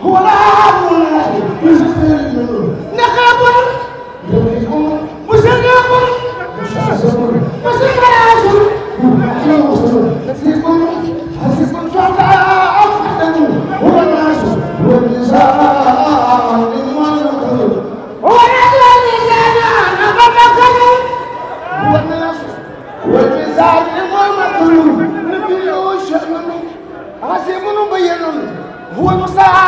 Who's that?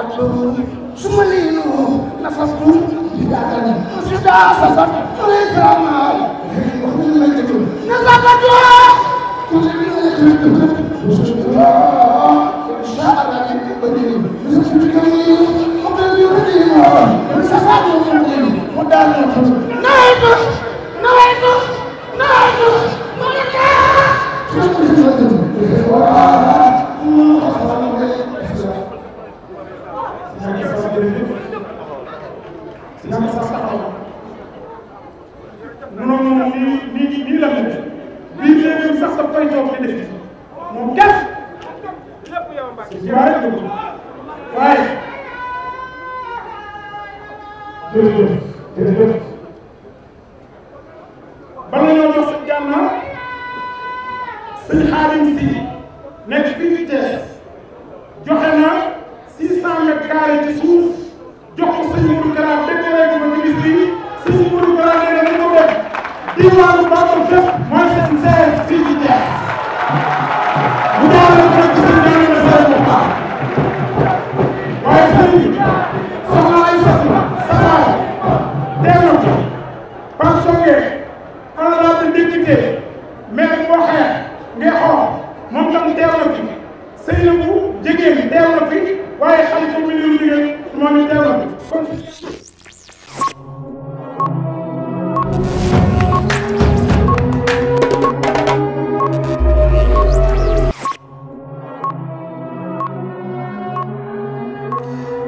أدلو ثم لينو نفست بدادا مسجدا أساسا وليس عمال وخذ الملكة نزلتها كل من يكرتك وشكرا شاء الله بديل مسجدك مقبل يهديم مسافات يهديم مدانة نائب نائب نائب ملكة شكرا jërëjëf jërëjëf ba la ñoo jox sëñ si nekk fii ñu Thiès joxe na six cent mètres carrés suuf jox ko sëñ Mourou Kara décoré ba ci bis bi sëñ Mourou Kara nee na ko def diwaan weex honorable député maire moo xeex moom tam teew na fi Seynabou Jigéen teew na fi waaye xalifa mi moom it